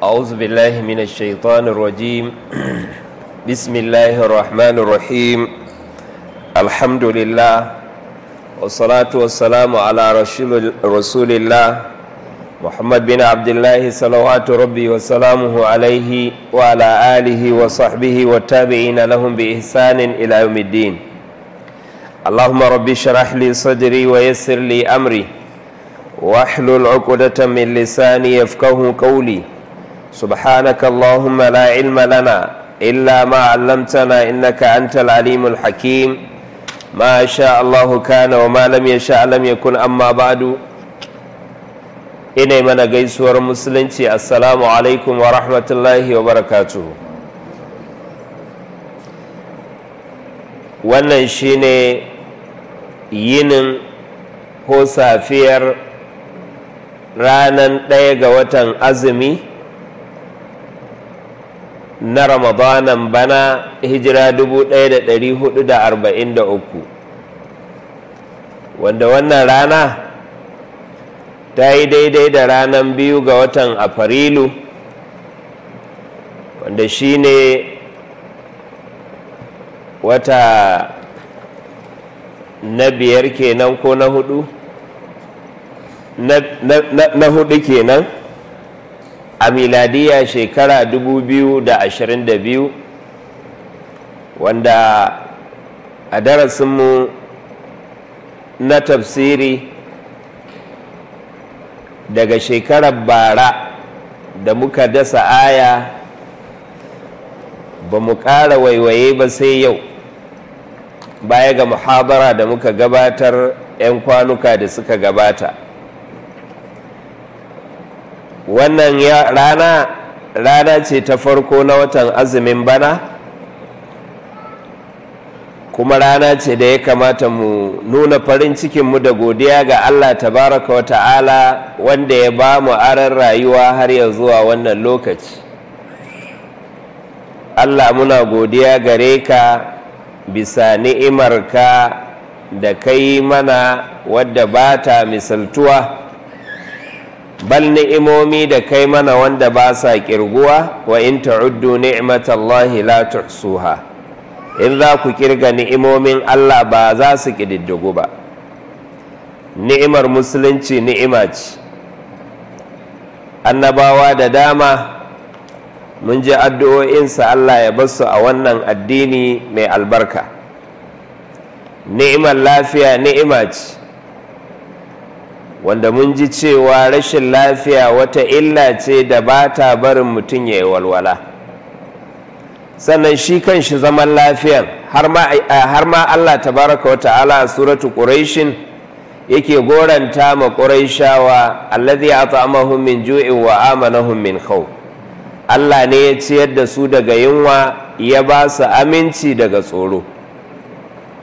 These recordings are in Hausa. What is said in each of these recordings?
أعوذ بالله من الشيطان الرجيم بسم الله الرحمن الرحيم الحمد لله والصلاة والسلام على رسول, رسول الله محمد بن عبد الله صلوات ربي وسلامه عليه وعلى آله وصحبه والتابعين لهم بإحسان إلى يوم الدين اللهم ربي شرح لي صدري ويسر لي أمري واحلل عقدة من لساني يفقه قولي سبحانك اللهم لا علم لنا إلا ما علمتنا إنك أنت العليم الحكيم ما شاء الله كان وما لم يشاء لم يكن أما بعد ina mana gaisuwar musulunci assalamu alaikum wa rahmatullahi wa barakatuhu wannan shine yinin ko safiyar ranar ɗaya ga watan azumi na ramadanan bana hijira 1443 wanda wannan rana ta yi daidai da ranan biyu ga watan afrilu wanda shi ne wata na biyar kenan ko na hudu na hudu kenan a miladiya shekara 2022 wanda a darasinmu na tafsiri daga shekarar bara da muka dasa aya ba mu ƙara waiwaye ba sai yau baya ga muhabara da muka gabatar 'yan kwanuka da suka gabata wannan rana rana ce ta farko na watan azumin bana kuma rana ce da ya kamata mu nuna farin cikinmu da godiya ga allah tabaraka wa ta'ala wanda ya ba mu aran rayuwa har ya zuwa wannan lokaci allah muna godiya gare ka bisa ni'imarka da kai mana wadda ba ta misaltuwa bal ni'imomi da kai mana wanda ba sa kirguwa wa in ta'uddu ni'matallahi la tuhsuha in za ku kirga ni'imomin Allah ba za su kididdigu ba ni'imar musulunci ni'ima ce annabawa da dama mun ji addu'o'insa Allah ya basu a wannan addini mai albarka ni'imar lafiya ni'ima ce wanda mun ji cewa rashin lafiya wata illa ce da ba ta barin mutum ya yi walwala sannan shi kan shi zaman lafiyan har ma allah ta wa ta'ala a suratu ƙuraishin yake goranta ma ƙuraishawa allazi ya ta'amahum min ju'in wa amanahun min khawf allah ne ya ciyar da su daga yunwa ya ba su aminci daga tsoro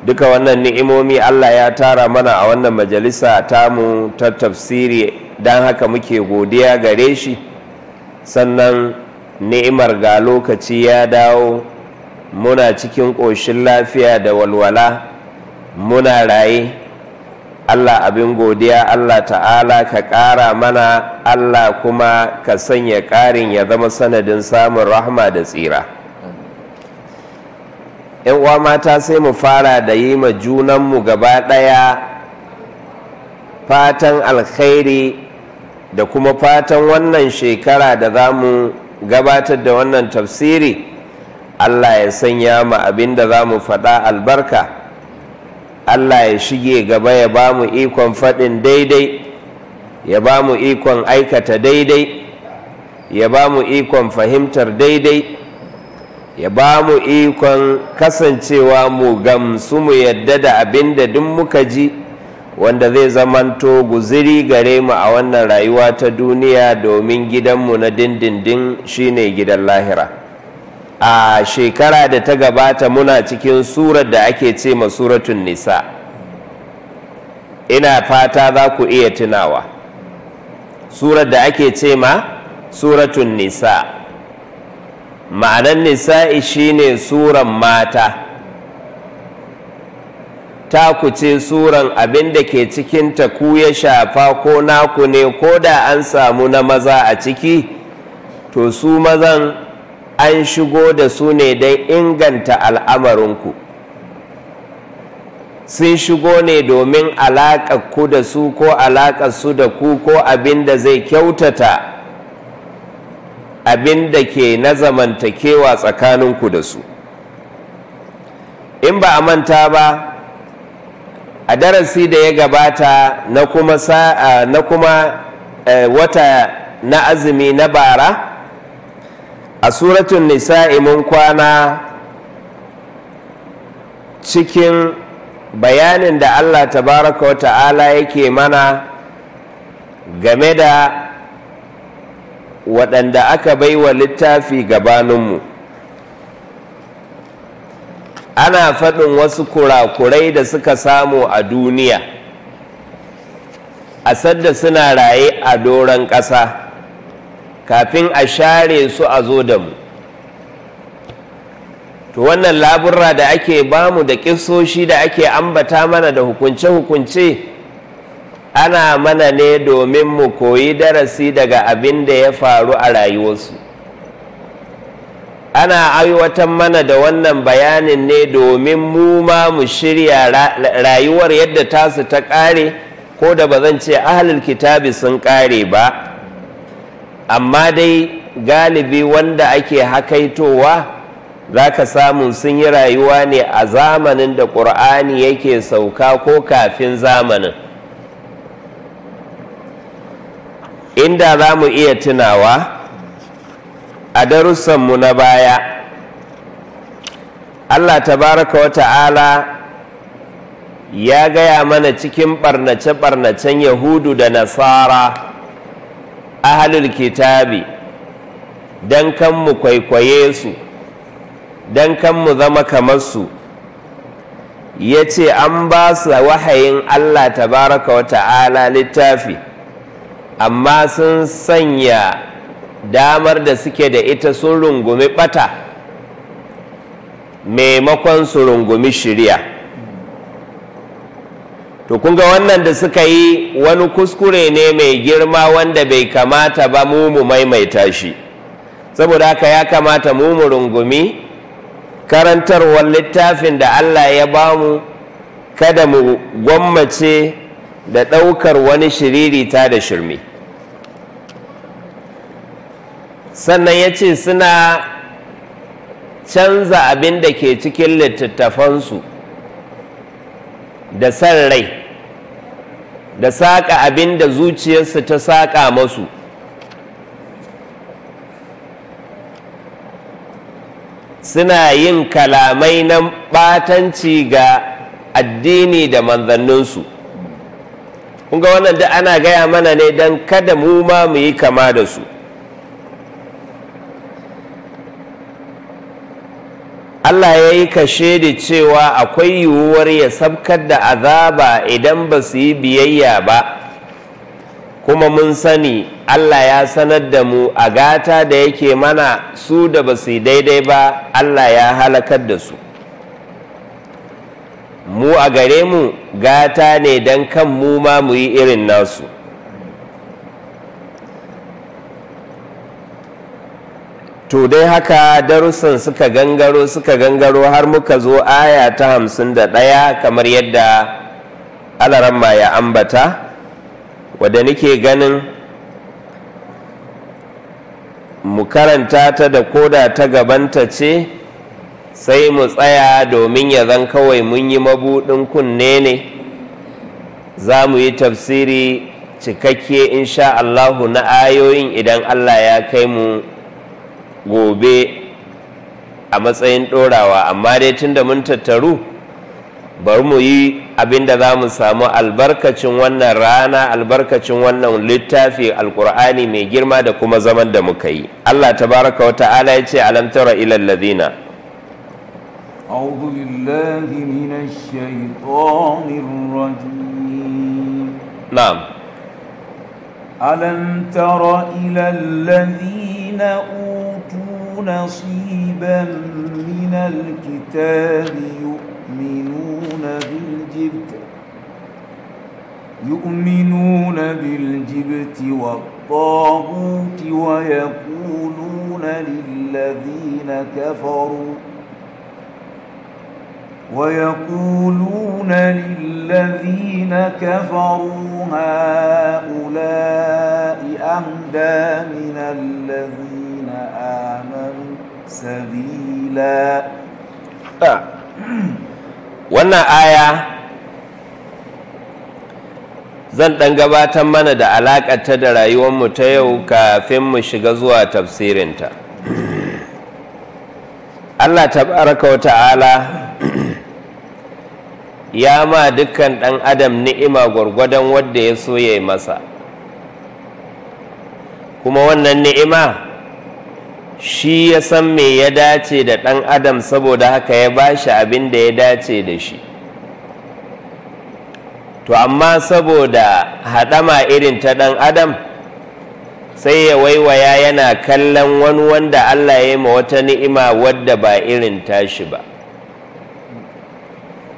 duka wannan ni'imomi Allah ya tara mana a wannan majalisa tamu ta tafsiri don haka muke godiya gare shi sannan ni'imar ga lokaci ya dawo muna cikin ƙoshin lafiya da walwala muna raye Allah abin godiya Allah ta'ala ka ƙara mana Allah kuma ka sanya ƙarin ya zama sanadin samun rahma da tsira yan uwa mata sai mu fara da yi ma junanmu gaba ɗaya fatan alkhairi da kuma fatan wannan shekara da za mu gabatar da wannan tafsiri allah ya sanya ma abin da za mu faɗa albarka allah ya shige gaba ya ba mu ikon faɗin daidai ya ba mu ikon aikata daidai ya ba mu ikon fahimtar daidai ya ba mu ikon kasancewa mu gamsu mu yadda da abin da duk muka ji wanda zai zamanto guziri gare mu a wannan rayuwa ta duniya domin gidanmu na dindindin shine gidan lahira a shekara da ta gabata muna cikin surar da ake ce ma suratun nisa ina fata za ku iya tunawa surar da ake ce ma suratun nisa' ma'anan nisa'i shine suran mata ta kuce suran abin da ke cikinta ku ya shafa ko naku ne ko da an samu na maza a ciki to su mazan an shigo da su ne don inganta al'amarinku sun shigo ne domin alaƙar ku da su ko alaƙar su da ku ko abin da zai kyautata abin da ke na zamantakewa tsakaninku da su in ba a manta ba a darasi da ya gabata na kuma, eh, wata na azumi na bara a suratun nisa'i mun kwana cikin bayanin da allah tabaraka wa ta'ala yake mana game da waɗanda aka baiwa littafi gabaninmu ana faɗin wasu kurakurai da suka samu a duniya a sadda suna raye a doron ƙasa kafin a share su a zo da mu to wannan laburra da ake bamu da ƙisoshi da ake ambata mana da hukunce-hukunce ana mana ne domin mu koyi darasi daga abin da ya faru a rayuwarsu ana aiwatar mana da wannan bayanin ne domin mu ma mu shirya rayuwar yadda tasu ta ƙare ko da ba zan ce ahalin kitabi sun ƙare ba amma dai galibi wanda ake hakaitowa za ka samu sun yi rayuwa ne a zamanin da ƙur'ani yake sauka ko kafin zamanin inda za mu iya tunawa a darussanmu na baya allah tabaraka wa ta'ala ya gaya mana cikin ɓarnace-ɓarnacen yahudu da nasara ahalul kitabi don kan mu kwaikwaye su don kan mu zama kamar su ya ce an ba su wahayin allah tabaraka wa ta'ala littafi amma sun sanya damar da suke da ita sun rungumi bata maimakon su rungumi shirya to kunga wannan da suka yi wani kuskure ne mai girma wanda bai kamata ba mu mu maimaita shi saboda haka ya kamata mu mu rungumi karantarwar littafin da allah ya bamu kada mu gwammace da ɗaukar wani shiririta da shirme sannan ya ce suna canza abin da ke cikin littattafansu da san rai da saƙa abin da zuciyarsu ta saƙa masu suna yin kalamai na ɓatanci ga addini da manzanninsu kunga wannan duk ana gaya mana ne don kada mu ma mu yi kama da su Allah ya yi kashe da cewa akwai yiwuwar ya sabkar da azaba idan ba su yi biyayya ba kuma mun sani Allah ya sanar da mu a gata da yake mana su da ba su yi daidai ba Allah ya halakar da su mu a gare mu gata ne don kan mu ma mu yi irin nasu to dai haka darussan suka gangaro suka gangaro har muka zo aya ta hamsin da ɗaya kamar yadda alaramma ya ambata wadda nake ganin mu karanta ta da koda ta gabanta ce sai mu tsaya domin ya zan kawai mun yi mabuɗin kunne ne za mu yi tafsiri cikakke insha Allahu na ayoyin idan Allah ya kai mu gobe a matsayin ɗorawa amma dai tun da mun tattaru bari mu yi abin da za mu samu albarkacin wannan rana albarkacin wannan littafi alkur'ani mai girma da kuma zaman da muka yi allah Ta baraka wa ta'ala ya ce alamtara ilal ladina أعوذ بالله من الشيطان الرجيم نعم ألم تر إلى الذين أوتوا نصيبا من الكتاب يؤمنون بالجبت يؤمنون بالجبت والطاغوت ويقولون للذين كفروا ويقولون للذين كفروا هؤلاء أهدى من الذين sabila wannan aya zan ɗan gabatar mana da alaƙata da rayuwar mu ta yau kafin mu shiga zuwa tafsirinta allah tabaraka wa ta'ala ya ma dukkan ɗan adam ni'ima gwargwadon wadda ya so ya masa kuma wannan ni'ima shi ya san me ya dace da ɗan adam saboda haka ya ba shi abin da ya dace da shi to amma saboda haɗama irin ta ɗan adam sai ya waiwaya yana kallon wani wanda allah ya yi ma wata ni'ima wadda ba irin tashi ba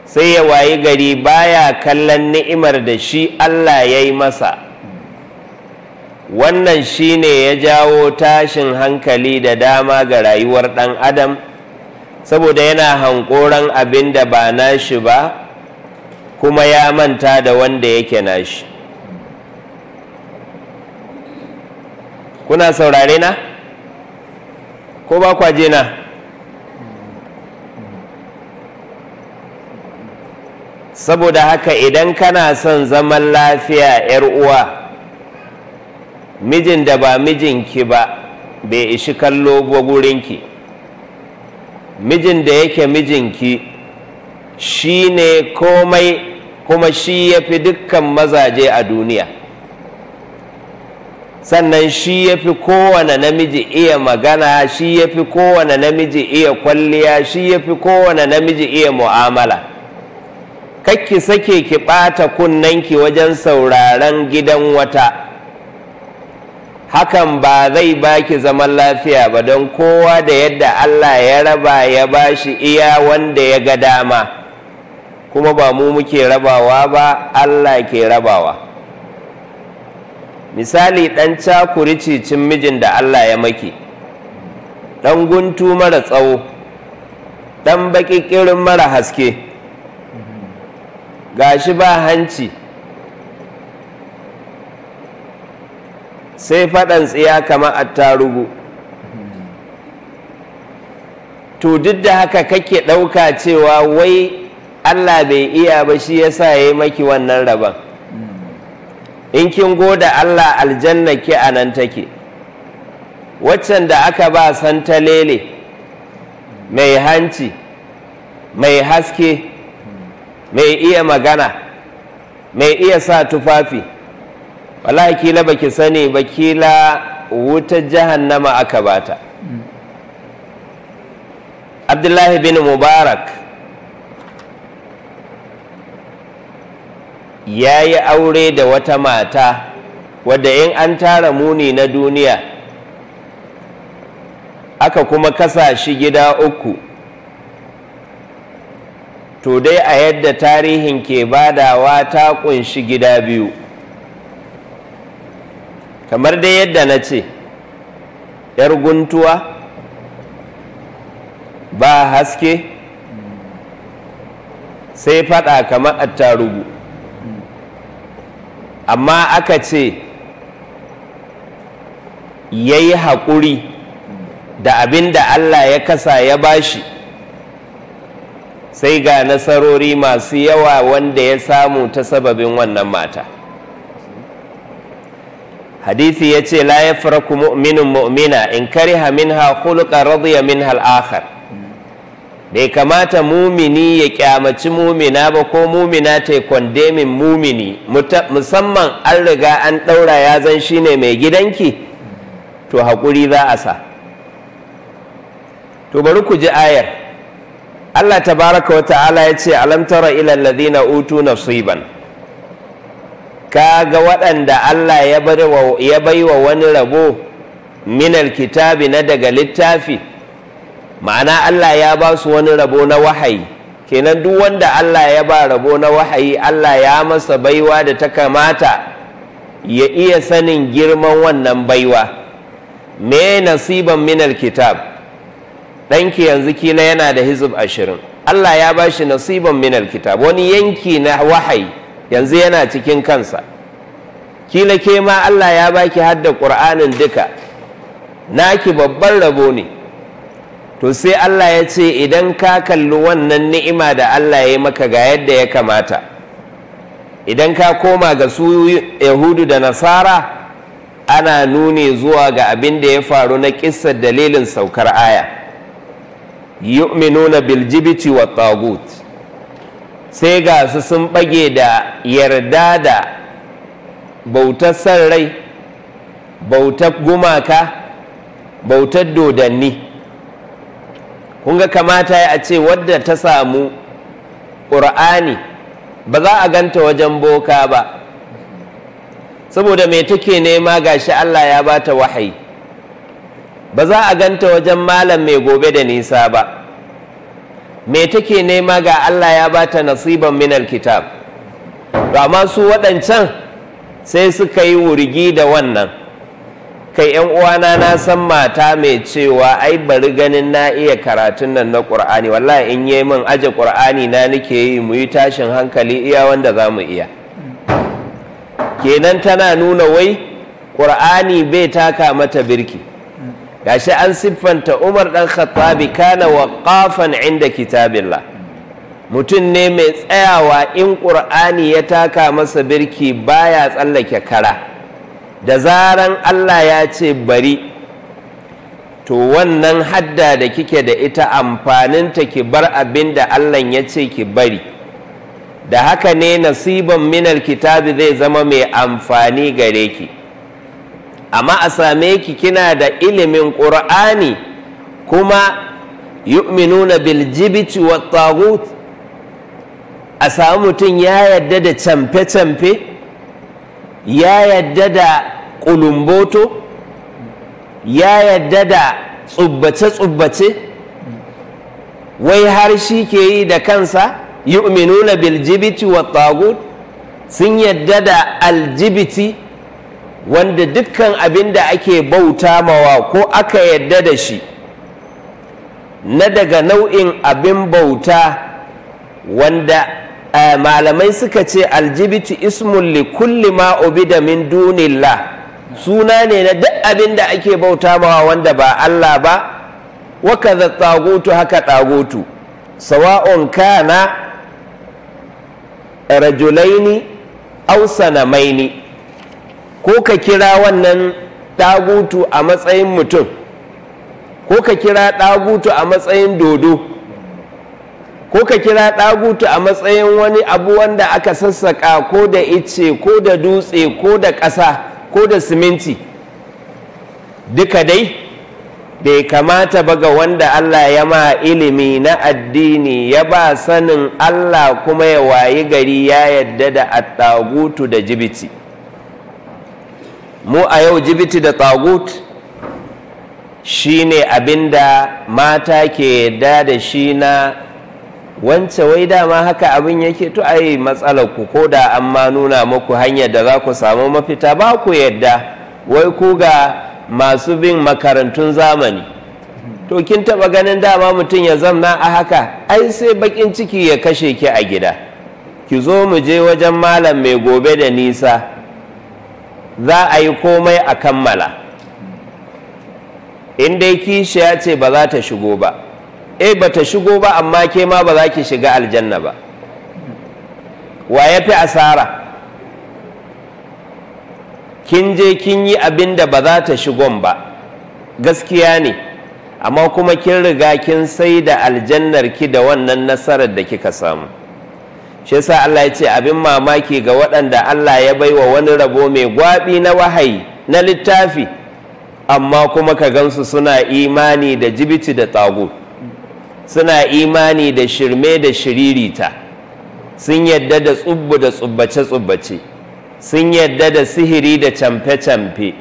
sai ya wayi gari baya kallon ni'imar da shi allah ya yi masa wannan shi ne ya jawo tashin hankali da dama ga rayuwar ɗan adam saboda yana hankoran abin da ba nashi ba kuma ya manta da wanda yake nashi kuna saurare na ko ba kwaje na saboda haka idan kana son zaman lafiya 'yar uwa mijin da ba mijinki ba bai ishi kallo ba gurinki mijin da yake mijinki shi ne komai kuma shi ya fi dukkan mazaje a duniya sannan shi ya fi kowane namiji iya magana shi ya fi kowane namiji iya kwalliya shi ya fi kowane namiji iya mu'amala kakki sake ki ɓata kunnanki wajen sauraren gidan wata hakan ba zai baki zaman lafiya ba don kowa da yadda Allah ya raba ya ba shi iya wanda ya ga dama kuma ba mu muke rabawa ba Allah ke rabawa misali ɗan cakuri cicin mijin da Allah ya maki ɗan guntu mara tsawo ɗan baƙiƙirin mara haske ga shi ba hanci sai faɗan tsiya kamar attarugu to duk da haka kake ɗauka cewa wai Allah bai iya ba shi ya sa ya yi maki wannan rabon in kin goda Allah aljanna ke a nan take waccan da aka ba san ta lele, mai hanci mai haske mai iya magana mai iya sa tufafi wala kila baki sani ba kila wutar jahannama aka bata abdullahi bin mubarak ya yi aure da wata mata wadda in an tara muni na duniya aka kuma kasa shi gida uku to dai a yadda tarihin ke badawa ta kunshi gida biyu kamar dai yadda na ce ‘yar guntuwa ba haske sai fada kamar attarugu amma aka ce ya yi haƙuri da abin da Allah ya kasa ya bashi sai ga nasarori masu yawa wanda ya samu ta sababin wannan mata hadisi ya ce la ya faraku mu'minin mu'mina in kariha minha khuluqan radiya ya min akhar bai kamata mumini ya kyamaci mumina ba ko mumina ta yi kwandemin mumini musamman an riga an ɗaura ya zan shine mai gidanki to haƙuri za a sa to bari ku ji ayar Allah tabaraka wa ta'ala ya ce alam tara ila alladhina utu nasiban Ka ga waɗanda Allah ya bai wa wani rabo minal kitabi na daga littafi ma'ana Allah ya ba su wani rabo na wahayi kenan duk wanda Allah ya ba rabo na wahayi Allah ya masa baiwa da ta kamata ya iya sanin girman wannan baiwa me nasiban minal kitab ɗanki yanzu kila yana da hizib ashirin Allah ya ba shi nasiban minal kitab wani yanki na wahayi yanzu yana cikin kansa kila ke ma Allah ya baki hadda ƙur'anin duka naki babban rabo ne to sai Allah ya ce idan ka kalli wannan ni'ima da Allah ya yi maka ga yadda ya kamata idan ka koma ga su yahudu da nasara ana nune zuwa ga abin da ya faru na kissar dalilin saukar aya yu'minuna bil jibiti wa tagut sai ga su sun bage da yarda da bautar san rai bautar gumaka bautar dodanni Kun ga kamata ya ce wadda ta samu ƙur'ani ba za a ganta wajen boka ba saboda mai take nema gashi Allah ya bata wahayi ba za a ganta wajen malam mai gobe da nisa ba me take nema ga Allah ya bata nasiban minal kitab to amma su waɗancan sai suka yi wurgi da wannan kai yan uwana na san mata mai cewa ai bari ganin na iya karatun nan na ƙur'ani wallahi in yi min aje qur'ani na nake yi mu yi tashin hankali iya wanda za mu iya kenan tana nuna wai ƙur'ani bai taka mata birki gashi an siffanta umar dan khattabi kana waqafan inda kitabillah mutum ne mai tsayawa in ƙur'ani ya taka masa birki baya tsallake kara da zaran allah ya ce bari to wannan hadda da kike da ita amfaninta ki bar abin da allah ya ce ki bari da haka ne nasiban minal kitabi zai zama mai amfani gare ki amma a same ki kina da ilimin ƙur'ani kuma yu'minuna bil jibti wat tagut a samu mutum ya yadda da camfe-camfe ya yadda da ƙulumboto ya yadda da tsubbace-tsubbace wai har shi ke yi da kansa yu'minuna bil jibti wat tagut sun yadda da aljibiti wanda dukkan abin da ake bauta mawa ko aka yadda da shi na daga nau'in abin bauta wanda eh, malamai suka ce Aljibiti, ismun li kulli ma ubida min dunillah suna ne na duk abin da ake bauta mawa wanda ba Allah ba wakaza tsagutu haka tsagutu sawa'un kana rajulaini au sanamaini ko ka kira wannan ɗagutu a matsayin mutum ko ka kira ɗagutu a matsayin dodo ko ka kira ɗagutu a matsayin wani abu wanda aka sassaƙa ko da ice ko da dutse ko da ƙasa ko da siminti duka dai bai kamata ba ga wanda Allah ya ma ilimi na addini ya ba sanin Allah kuma ya wayi gari ya yadda da attagutu da jibiti mu a yau jibiti da tagut shine da mata ke yadda da shi na wance wai dama haka abin yake to ai matsalar ku ko da an ma nuna muku hanyar da za ku samu mafita ba ku yadda wai ku ga masu bin makarantun zamani to kin taba ganin dama mutum ya zamna a haka ai sai bakin ciki ya kashe ki a gida ki zo mu je wajen malam mai gobe da nisa za a yi komai a kammala in kishi kishiya ce ba za ta shigo ba e ba ta shigo ba amma ke ma ba za ki shiga aljanna ba wa ya fi asara kin je kin yi abin da ba za ta shigon ba gaskiya ne amma kuma kin riga kin sai da aljannar ki da wannan nasarar da kika samu shi yasa Allah ya ce abin mamaki ga waɗanda Allah ya baiwa wani rabo mai gwabi na wahayi na littafi amma kuma ka gansu suna imani da jibiti da tsago suna imani da shirme da shiririta sun yadda da tsubbu da tsubbace-tsubbace sun yadda da sihiri da camfe-camfe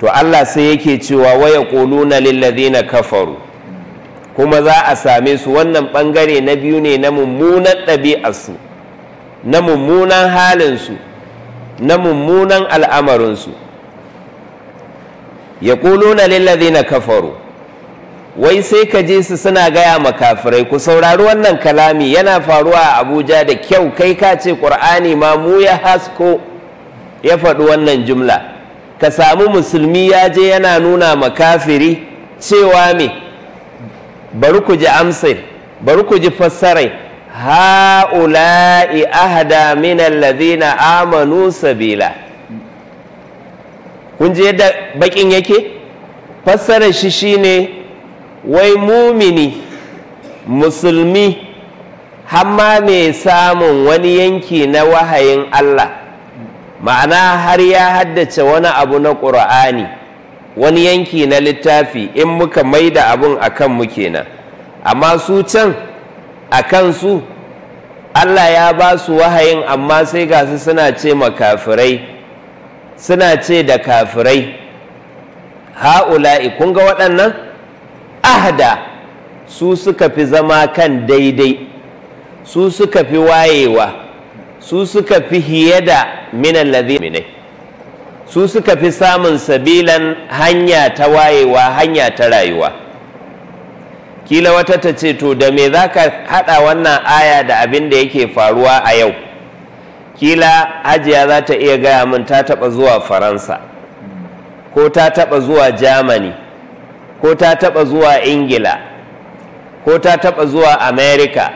to Allah sai yake cewa waya ƙuluna lillazina kafaru kuma za a same su wannan ɓangare na biyu ne na mummunan ɗabi'arsu na mummunan halinsu na mummunan al'amarinsu ya na lillazi na kafaru wai sai ka je su suna gaya makafirai ku saurari wannan kalami yana faruwa a abuja da kyau kai ka ce ƙur'ani ma mu ya hasko ya faɗi wannan jumla ka samu musulmi ya je yana nuna makafiri cewa me bari ku ji amsir bari ku ji fassarai ha'ula'i ahada min allazina amanu sabila kun ji yadda bakin yake fassarar shi shine wai mumini musulmi hamma mai samun wani yanki na wahayin Allah ma'ana har ya haddace wani abu na ƙur'ani wani yanki na littafi in muka mai da abun a muke kenan amma su can a kansu allah ya ba su wahayin amma sai ga su suna ce makafirai suna ce da kafirai ha'ula'i kunga waɗannan ahda su suka fi zama kan daidai su suka fi wayewa su suka fi hiye da minan minai. su suka fi samun sabilan hanya ta wayewa hanya ta rayuwa kila wata ta ce to da me za ka haɗa wannan aya da abin da yake faruwa a yau kila hajiya za ta iya gaya min ta taɓa zuwa faransa ko ta taɓa zuwa Jamani, ko ta taɓa zuwa ingila ko ta taɓa zuwa america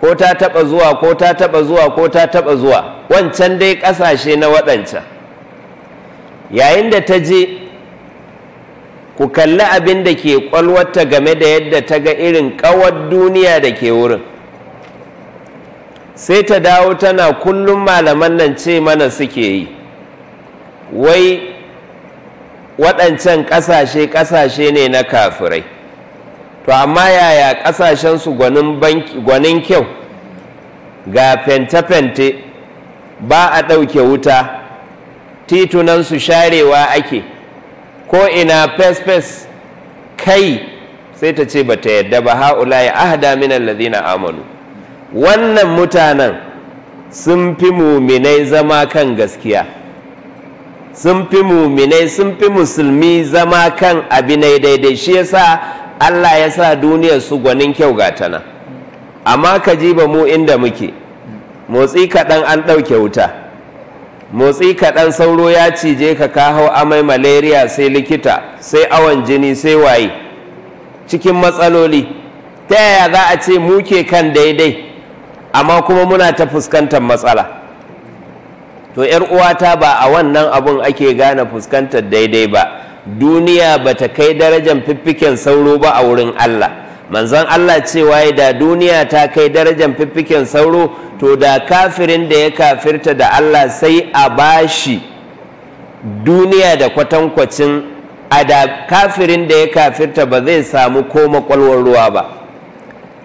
ko ta taɓa zuwa ko ta taɓa zuwa ko ta taɓa zuwa wancan dai ƙasashe na waɗancan yayin da ta je ku kalli abin da ke kwalwata game da yadda ta ga irin kawar duniya da ke wurin sai ta dawo tana kullum malaman nan ce mana suke yi wai waɗancan ƙasashe ƙasashe ne na kafirai to amma yaya ƙasashen su gwanin kyau ga fente-fente ba a ɗauke wuta su sharewa ake ko ina fes-fes kai sai ta ce ba ta yadda ba ha'ula ya ahada minan lazina amanu wannan mutanen sun fi muminai zama kan gaskiya sun fi muminai sun fi musulmi zama kan abin daidai shi yasa allah ya sa duniyar su gwanin kyau gatana amma ka ji ba mu inda muke motsi kaɗan an ɗauke wuta motsi kaɗan sauro ya cije ka kawo amai malaria sai likita sai awon jini sai waye cikin matsaloli ta yaya za a ce muke kan daidai amma kuma muna ta fuskantar matsala to 'yar uwata ba a wannan abun ake gane fuskantar daidai ba duniya ba ta kai darajar fiffiken sauro ba a wurin allah manzon Allah cewa da duniya ta kai darajar fiffiken sauro to da kafirin da ya kafirta da Allah sai a bashi duniya da kwatankwacin a da kafirin da ya kafirta ba zai samu koma kwalwar ruwa ba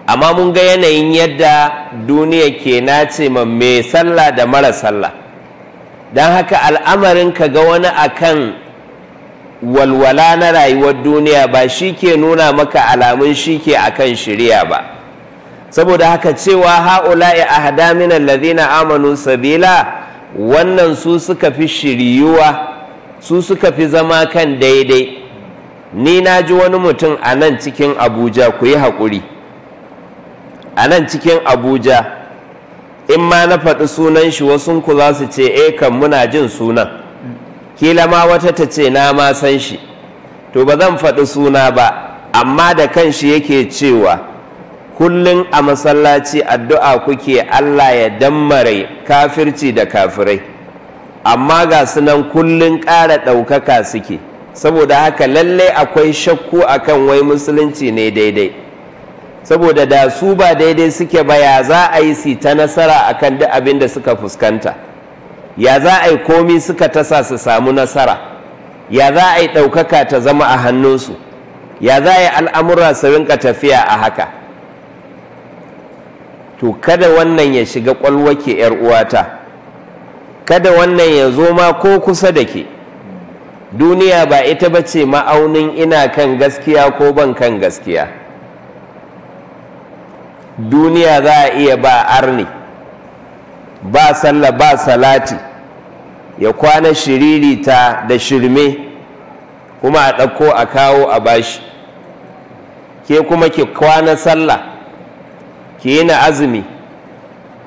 amma mun ga yanayin yadda duniya ke nace ma mai sallah da mara sallah don haka al'amarin ka ga wani akan walwala na rayuwar duniya ba shi ke nuna maka alamun shi ke akan shirya ba saboda haka cewa ha'ula'i a hadaminan lazina amanu sabila wannan su suka fi shiryuwa su suka fi zama kan daidai ni na ji wani mutum a nan cikin abuja ku yi haƙuri a nan cikin abuja in ma na faɗi sunan shi wasu ku za su ce e eh kan muna jin sunan kila ma wata ta ce na ma san shi to ba zan faɗi suna ba amma da kanshi yake cewa kullum a masallaci addu'a kuke Allah ya dammare kafirci da kafirai amma ga sunan kullum ƙara ɗaukaka suke saboda haka lalle akwai shakku akan wai musulunci ne daidai saboda da su ba daidai suke ba ya za a yi si ta nasara akan duk abin da suka fuskanta ya za a yi komi suka tasa su samu nasara ya za a yi ɗaukaka ta zama a hannunsu ya za a yi al'amura su rinka tafiya a haka to kada wannan ya shiga ƙwalwake ‘yar uwata kada wannan ya zo ma ko kusa da ke duniya ba ita ba ce ma'aunin ina kan gaskiya ko ban kan gaskiya duniya za a iya ba arni ba salla ba salati ya kwana ta da shirme kuma a ɗauko a kawo a bashi ke kuma ki kwana sallah ki yi na azumi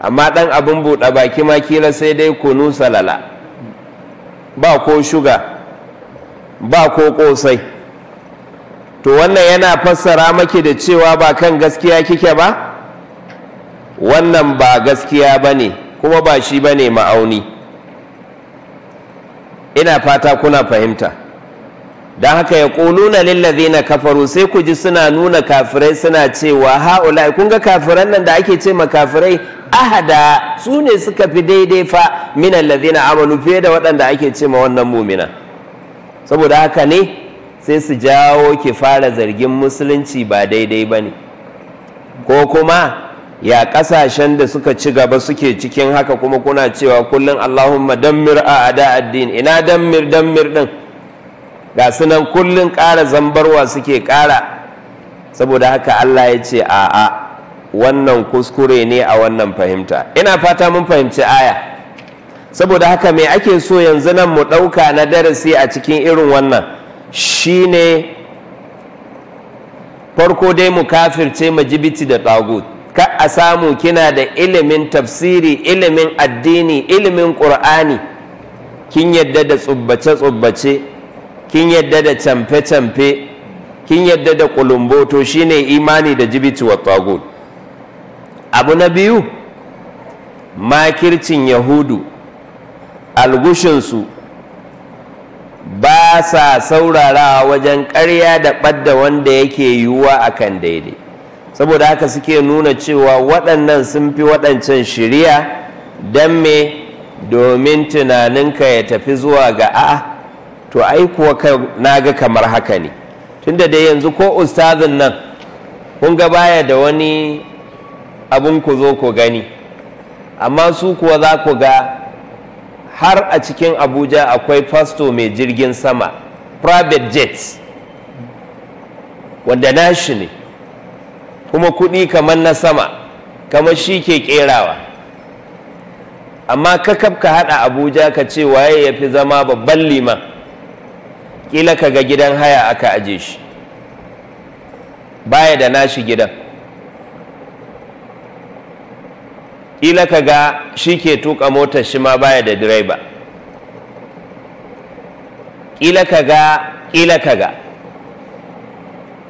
amma ɗan abin buɗe baki ma kila sai dai kunu salala ba ko shuga ba ko ƙosai to wannan yana fassara maki da cewa ba kan gaskiya kike ba wannan ba gaskiya ba ne kuma ba shi ba ne ma'auni ina fata kuna fahimta don haka ya ƙuluna lillazi na kafaru sai ku ji suna nuna kafirai suna cewa ha'ula kun ga kafiran nan da ake ce ma kafirai ahada su ne suka fi daidai fa min na amalu, fiye da waɗanda ake ce ma wannan mumina saboda haka ne sai su jawo ki fara zargin musulunci ba daidai ba ne ko kuma ya kasashen da suka ci gaba suke cikin haka kuma kuna cewa kullum Allahumma dammir a ada addini ina dammir dammir din ga sunan kullum ƙara zambarwa suke ƙara saboda haka Allah ya ce a'a wannan kuskure ne a wannan fahimta ina fata mun fahimci aya saboda haka mai ake so yanzu nan mu ɗauka na darasi a cikin irin wannan shine farko dai mu kafirce majibiti da tagut ka a samu kina da ilimin tafsiri ilimin addini ilimin ƙur'ani kin yadda da tsubbace-tsubbace kin yadda da camfe-camfe kin yadda da kulumboto shine imani da jibiti wa tagut abu na biyu makircin yahudu algushinsu ba sa saurarawa wajen ƙarya da ɓadda wanda yake yiwuwa akan daidai saboda haka suke nuna cewa waɗannan sun fi waɗancan shirya don me domin tunaninka ya tafi zuwa ga a'a to ai kuwa na ga kamar haka ne tunda dai yanzu ko ustazin nan kun ga baya da wani abin ku zo ku gani amma su kuwa za ku ga har a cikin abuja akwai fasto mai jirgin sama private jet wanda nashi ne kuma kuɗi kamar na sama kamar shi ke ƙerawa amma kakaf ka haɗa abuja ka ce waye ya fi zama babban liman ƙila ka ga gidan haya aka aje shi baya da nashi gidan ƙila ka ga shi ke tuka motar shi ma baya da direba ƙila ka ga ƙila ka ga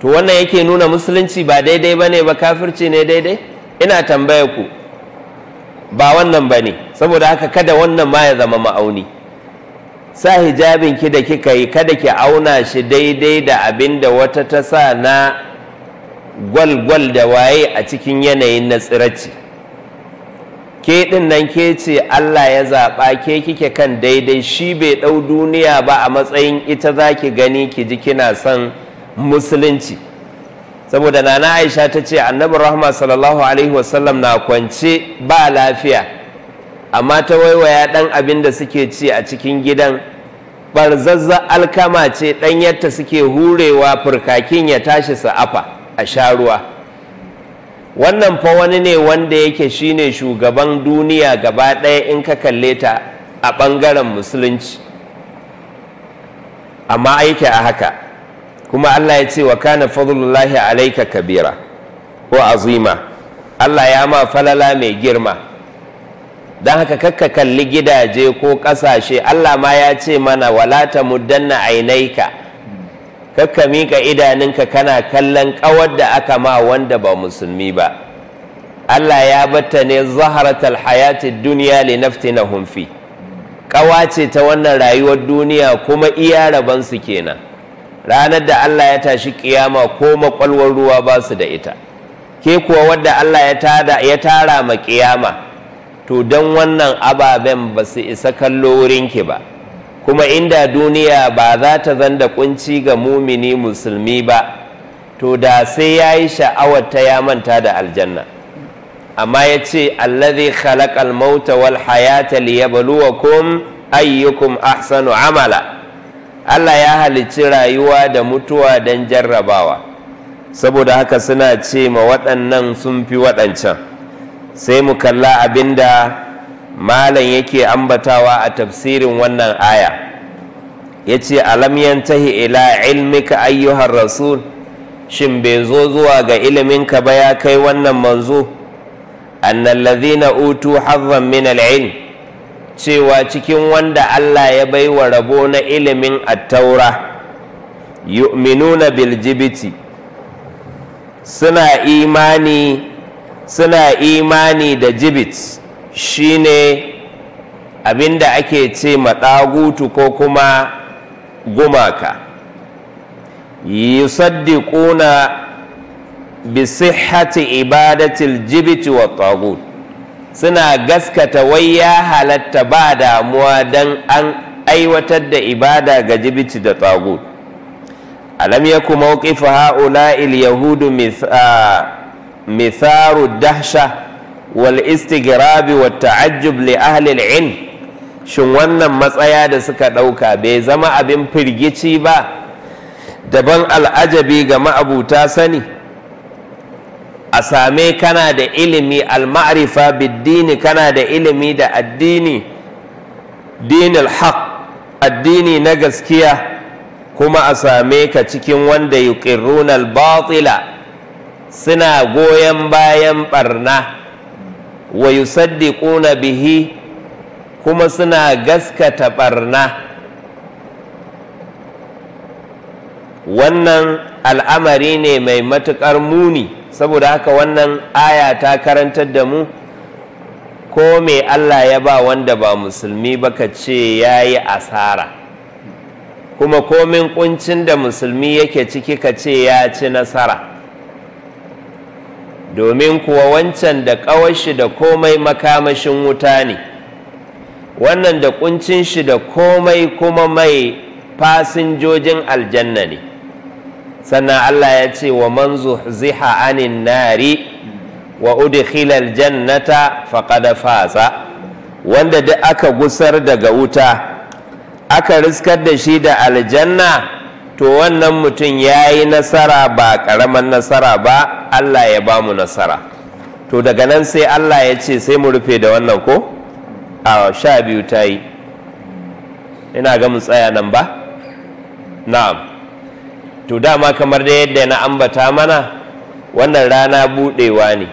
to wannan yake nuna musulunci ba daidai ba ne ba kafirci ne daidai ina tambaya ku ba wannan ba ne. saboda haka kada wannan ma ya zama ma'auni sa hijabin ki da kika yi kada ki auna shi daidai da abin da wata ta sa na gwalgwal da waye a cikin yanayin na tsiraci ke ɗin nan ke ce Allah ya zaɓa ke kike kan daidai shi bai ɗau duniya ba a matsayin ita za ki gani ki ji kina son musulunci saboda nana aisha ta ce annabi rahama sallallahu alaihi wasallam na kwance ba lafiya amma ta waiwaya ɗan abin da suke ci a cikin gidan barzazza alkama ce ɗanyarta suke hurewa furkakin ya tashi sa'afa a sharuwa wannan fa wani ne wanda yake shine shugaban duniya gaba ɗaya in ka kalle ta a ɓangaren musulunci amma aiki a haka kuma Allah ya ce wa kana fadlullahi alayka kabira ko azima Allah ya ma falala mai girma dan haka kakka kalli gidaje ko ƙasashe Allah ma ya ce mana wala ta muddanna ainaika kakka mika idaninka kana kallon ƙawar da aka ma wanda ba musulmi ba Allah ya batta ne zaharatul hayatid duniya li naftinahum fi ƙawa ce ta wannan rayuwar duniya kuma iya rabansu kenan ranar da Allah ya tashi kiyama ko makwalwar ruwa ba su da ita ke kuwa wadda Allah ya tara ma kiyama to don wannan ababen ba su isa kallo wurin ki ba kuma inda duniya ba za ta zanda kunci ga mumini musulmi ba to da sai ya yi sha'awar ta ya manta da aljanna amma ya ce allazi khalaqal mauta wal hayata liyabluwakum ayyukum ahsanu amala Allah ya halicci rayuwa da mutuwa don jarrabawa saboda haka suna ce ma waɗannan sun fi waɗancan sai mu kalla abinda malam yake ambatawa a tafsirin wannan aya ya ce alam tahi ila ilmika ayyuhar rasul shin bai zo zuwa ga iliminka ba ya kai wannan manzo annallazina utu hazzan min al'ilm cewa cikin wanda Allah ya bai wa rabo na ilimin attaura yu'minuna biljibiti suna imani suna imani da jibit shine abinda ake ce maɗagutu ko kuma gumaka yusaddiquna bi sihhati ibadatil jibiti wa tagut suna gaskata wai ya halatta ba damuwa don an aiwatar da ibada ga jibici da tsago. alam ya kuma waƙifa ha'ula yahudu misaru dahsha wal istigrabi wa ta'ajjub li ahlil in shin wannan matsaya da suka ɗauka bai zama abin firgici ba daban al'ajabi ga ma'abuta sani a same kana da ilimi al-ma'rifa bid-dini kana da ilimi da addini dinil haq addini na gaskiya kuma a same ka cikin wanda yuqirruna al-batila suna goyon bayan barna wa yusaddiquna bihi kuma suna gaskata barna wannan al'amari ne mai matuƙar muni saboda haka wannan aya ta karantar da mu ko me Allah ya ba wanda ba musulmi ba ka ce ya yi asara kuma komin kuncin da musulmi yake ciki ka ce ya ci nasara domin kuwa wancan da ƙawashi da komai makamashin wuta ne wannan da kuncin shi da komai kuma mai fasinjojin aljanna ne sannan Allah ya ce wa man zuhziha anin nari wa udkhila jannata faqad faza wanda duk aka gusar daga wuta aka riskar da shi da aljanna to wannan mutum ya yi nasara ba ƙaramin nasara ba Allah ya ba mu nasara to daga nan sai Allah ya ce sai mu rufe da wannan ko a sha biyu ta yi ina ga mu tsaya nan ba na'am to dama kamar da yadda na ambata mana wannan rana budewa ne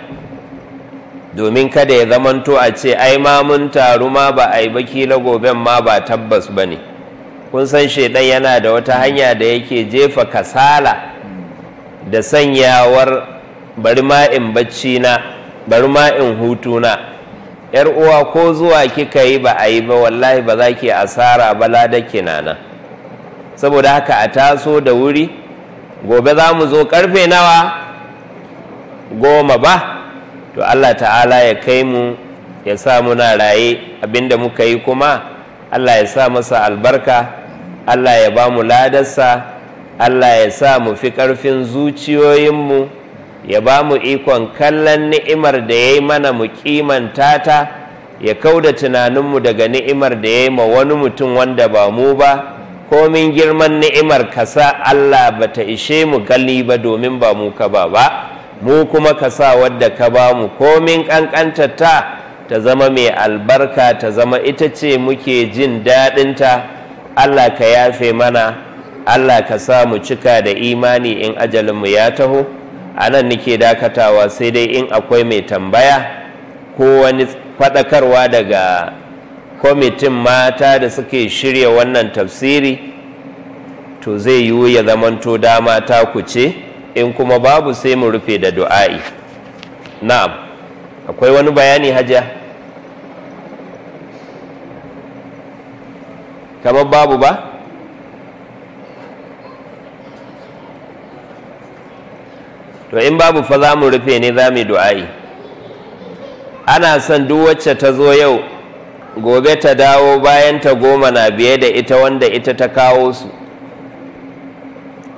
domin kada ya zamanto a ce ai ma mun taru ma ba a yi ba kila goben ma ba tabbas ba ne kun san shaidan yana da wata hanya da yake jefa kasala da sanyawar bari ma in bacci na bari ma in hutu na yar uwa ko zuwa kika yi ba a yi ba wallahi ba za ki asara ba lada kinana saboda haka a taso da wuri gobe za mu zo karfe nawa goma ba to allah ta'ala ya kai mu ya sa muna raye abinda muka yi kuma allah ya sa masa albarka allah ya ba mu ladarsa allah ya sa mu fi ƙarfin zuciyoyinmu ya ba mu ikon kallon ni'imar da ya yi mana mu kimanta ta ya kauda tunaninmu daga ni'imar da ya yi ma wani mutum wanda ba mu ba komin girman ni'imar kasa Allah ba ta ishe mu kalli ba domin ba mu ka ba ba mu kuma kasa wadda ka ba mu komin kankanta ta ta zama mai albarka ta zama ita ce muke jin daɗinta Allah ka yafe mana Allah ka sa mu cika da imani in ajalinmu ya taho a nan nake dakatawa sai dai in akwai mai tambaya ko wani faɗakarwa daga kwamitin mata da suke shirya wannan tafsiri to zai yiwu ya zamanto dama ta ku ce in kuma babu sai mu rufe da du'a'i na'am akwai wani bayani hajiya kamar babu ba to in babu fa za mu rufe ne za mu yi du'a'i ana son duk wacce ta zo yau gobe ta dawo bayan ta goma na biye da ita wanda ita ta kawo su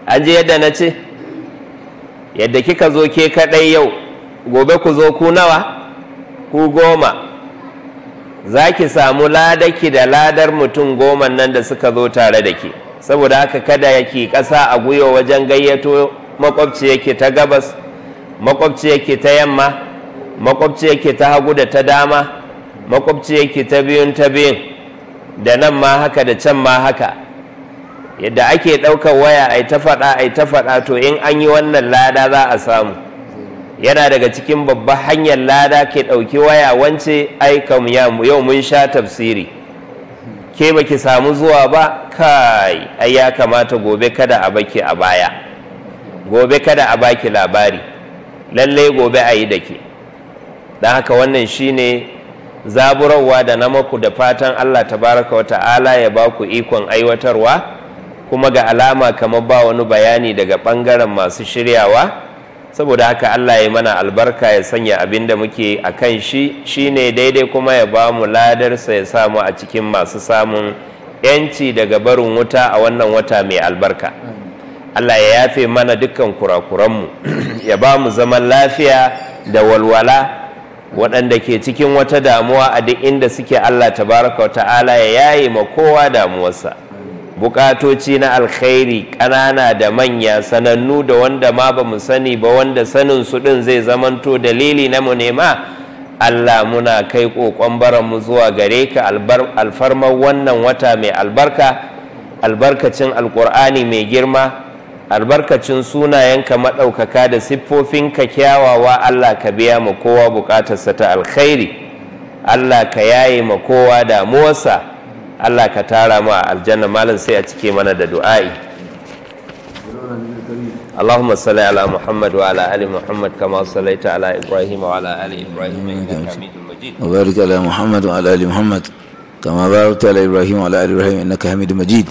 an ji yadda na ce yadda kika zo ke kaɗai yau gobe ku zo ku nawa ku goma za ki samu ladaki da ladar mutum goma nan da suka zo tare da ke saboda haka kada yake ƙasa a gwiwa wajen gayyato makwabci yake ta gabas makwabci yake ta yamma makwabci yake ta hagu da ta dama makwabci yake ta biyun ta biyun da nan ma haka da can ma haka yadda ake ɗaukar waya ai ta faɗa ai ta faɗa to in an yi wannan lada za a samu yana daga cikin babban hanyar lada ke ɗauki waya wance ai yau mun sha tafsiri ke baki samu zuwa ba kai ai ya kamata gobe kada a baki a baya gobe kada a baki labari lallai gobe a yi da ke don haka wannan shine zaburarwa da na maku da fatan Allah tabaraka wa ta'ala ya ba ku ikon aiwatarwa kuma ga alama kamar ba wani bayani daga ɓangaren masu shiryawa saboda haka Allah ya mana albarka ya sanya abin da muke a kan shi shi ne daidai kuma ya ba mu ladarsa ya samu a cikin masu samun yanci daga barin wuta a wannan wata mai albarka Allah ya yafe mana dukkan kurakuranmu ya ba mu zaman lafiya da walwala waɗanda ke cikin wata damuwa a duk inda suke Allah tabaraka ta'ala ya yaye ma kowa damuwarsa bukatoci na alkhairi ƙanana da manya sanannu da wanda ma ba mu sani ba wanda sanin su ɗin zai zamanto dalili na mu nema Allah muna kai ƙoƙon mu zuwa gare ka alfarmar wannan wata mai albarka albarkacin alƙur'ani mai girma albarkacin sunayenka maɗaukaka da siffofinka kyawawa Allah ka biya ma kowa buƙatarsa ta alkhairi Allah ka yaye ma kowa damuwarsa Allah ka tara ma aljanna malam sai a cike mana da du'a'i اللهم صل على محمد وعلى ال محمد كما صليت على ابراهيم وعلى ال ابراهيم انك حميد مجيد وبارك على محمد وعلى ال محمد كما باركت على ابراهيم وعلى ال ابراهيم انك حميد مجيد